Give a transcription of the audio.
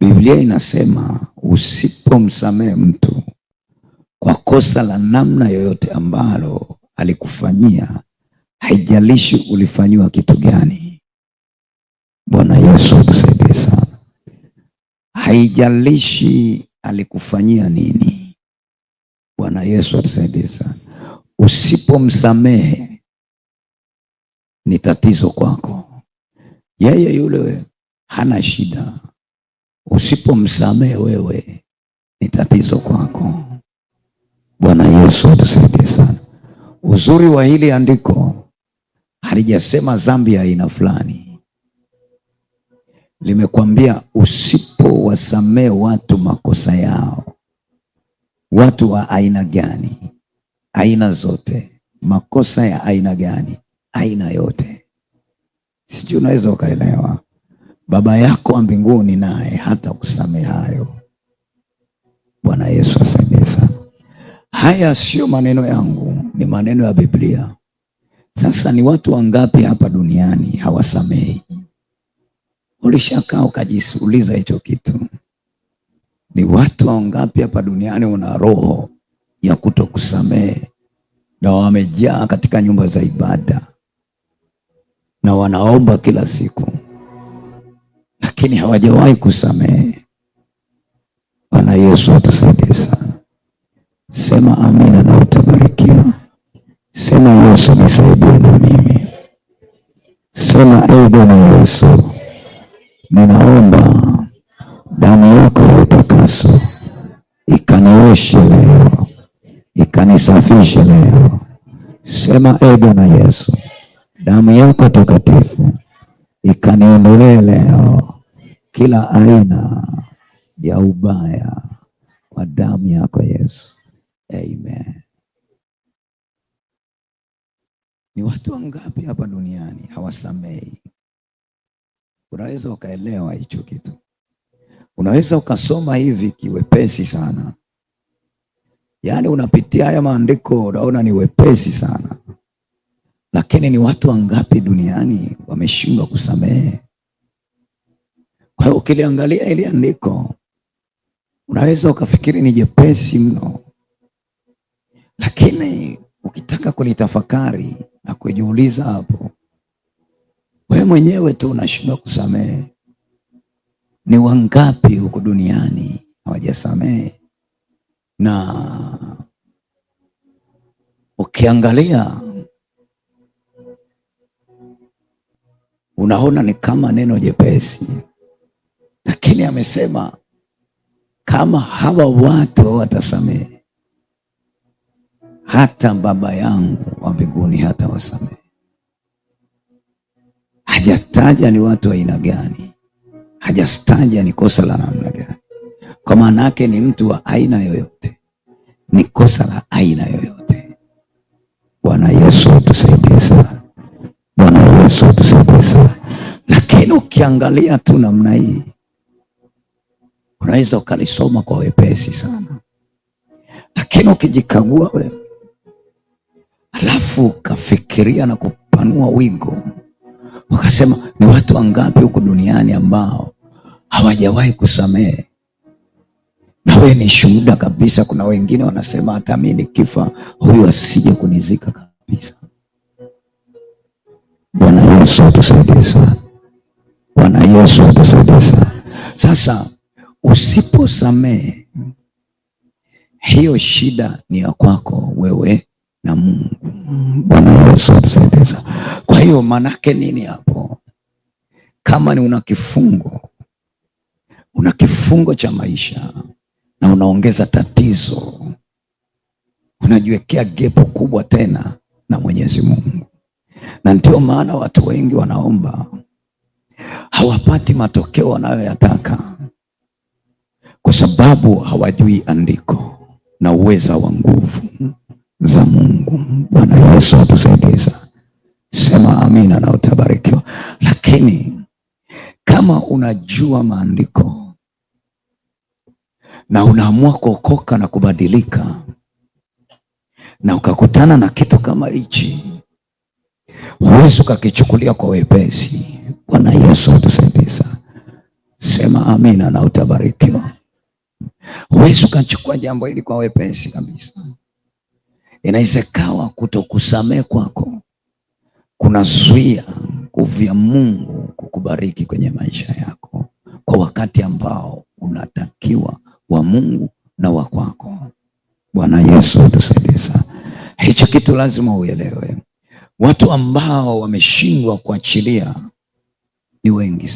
Biblia inasema usipomsamehe mtu kwa kosa la namna yoyote ambalo alikufanyia, haijalishi ulifanyiwa kitu gani. Bwana Yesu atusaidie sana. Haijalishi alikufanyia nini. Bwana Yesu atusaidie sana. Usipomsamehe ni tatizo kwako, yeye yule hana shida usipomsamehe wewe ni tatizo kwako. Bwana Yesu atusaidie sana. Uzuri wa hili andiko halijasema dhambi ya aina fulani, limekwambia usipowasamehe watu makosa yao. Watu wa aina gani? Aina zote. Makosa ya aina gani? Aina yote. Sijui unaweza ukaelewa. Baba yako wa mbinguni naye hata kusamehe hayo. Bwana Yesu asaidie sana. Haya sio maneno yangu, ni maneno ya Biblia. Sasa ni watu wangapi hapa duniani hawasamehi? Ulishakaa ukajisuuliza hicho kitu? Ni watu wangapi hapa duniani una roho ya kutokusamehe na wamejaa katika nyumba za ibada na wanaomba kila siku lakini hawajawahi kusamehe. Bwana Yesu atusaidie sana. Sema amina na utabarikiwa. Sema Yesu nisaidie na mimi. Sema ee Bwana Yesu, ninaomba damu yako ya utakaso ikanioshe leo, ikanisafishe leo. Sema ee Bwana Yesu, damu yako takatifu ikaniondolee leo kila aina ya ubaya kwa damu yako Yesu, amen. Ni watu wangapi hapa duniani hawasamei? Unaweza ukaelewa hicho kitu, unaweza ukasoma hivi kiwepesi sana, yaani unapitia haya maandiko unaona ni wepesi sana lakini ni watu wangapi duniani wameshindwa kusamehe? Kwa hiyo ukiliangalia ili andiko unaweza ukafikiri ni jepesi mno, lakini ukitaka kulitafakari na kujiuliza hapo wewe mwenyewe tu unashindwa kusamehe. Ni wangapi huko duniani hawajasamehe? Na ukiangalia unaona ni kama neno jepesi, lakini amesema kama hawa watu watasamehe, hata baba yangu wa mbinguni hata wasamehe. Hajataja ni watu aina gani, hajastaja ni kosa la namna gani. Kwa maana yake ni mtu wa aina yoyote, ni kosa la aina yoyote. Bwana Yesu tusaidie sana. Bwana Yesu tusaidie. Lakini ukiangalia tu namna hii unaweza ukalisoma kwa wepesi sana, lakini ukijikagua wewe alafu ukafikiria na kupanua wigo ukasema, ni watu wangapi huku duniani ambao hawajawahi kusamehe? Na wewe ni shuhuda kabisa. Kuna wengine wanasema hata mimi nikifa huyu asije kunizika kabisa. Bwana Yesu atusaidie sana. Yesu atasaidia sana. Sasa usiposamehe, hiyo shida ni ya kwako wewe na Mungu. Bwana Yesu atusaidia sana. Kwa hiyo maanake nini hapo? Kama ni una kifungo, una kifungo cha maisha na unaongeza tatizo, unajiwekea gepo kubwa tena na Mwenyezi Mungu, na ndio maana watu wengi wanaomba hawapati matokeo wanayoyataka kwa sababu hawajui andiko na uweza wa nguvu za Mungu. Bwana Yesu atusaidie sana. Sema amina na utabarikiwa. Lakini kama unajua maandiko na unaamua kuokoka na kubadilika na ukakutana na kitu kama hichi, huwezi ukakichukulia kwa wepesi. Bwana Yesu sema amina na utabarikiwa. Huwezi ukachukua jambo hili kwa wepesi kabisa. Inawezekawa kutokusamehe kwako kunazuia kuvya Mungu kukubariki kwenye maisha yako kwa wakati ambao unatakiwa wa Mungu na wa kwako. Bwana Yesu atusaidie Hicho kitu lazima uelewe. Watu ambao wameshindwa kuachilia ni wengi.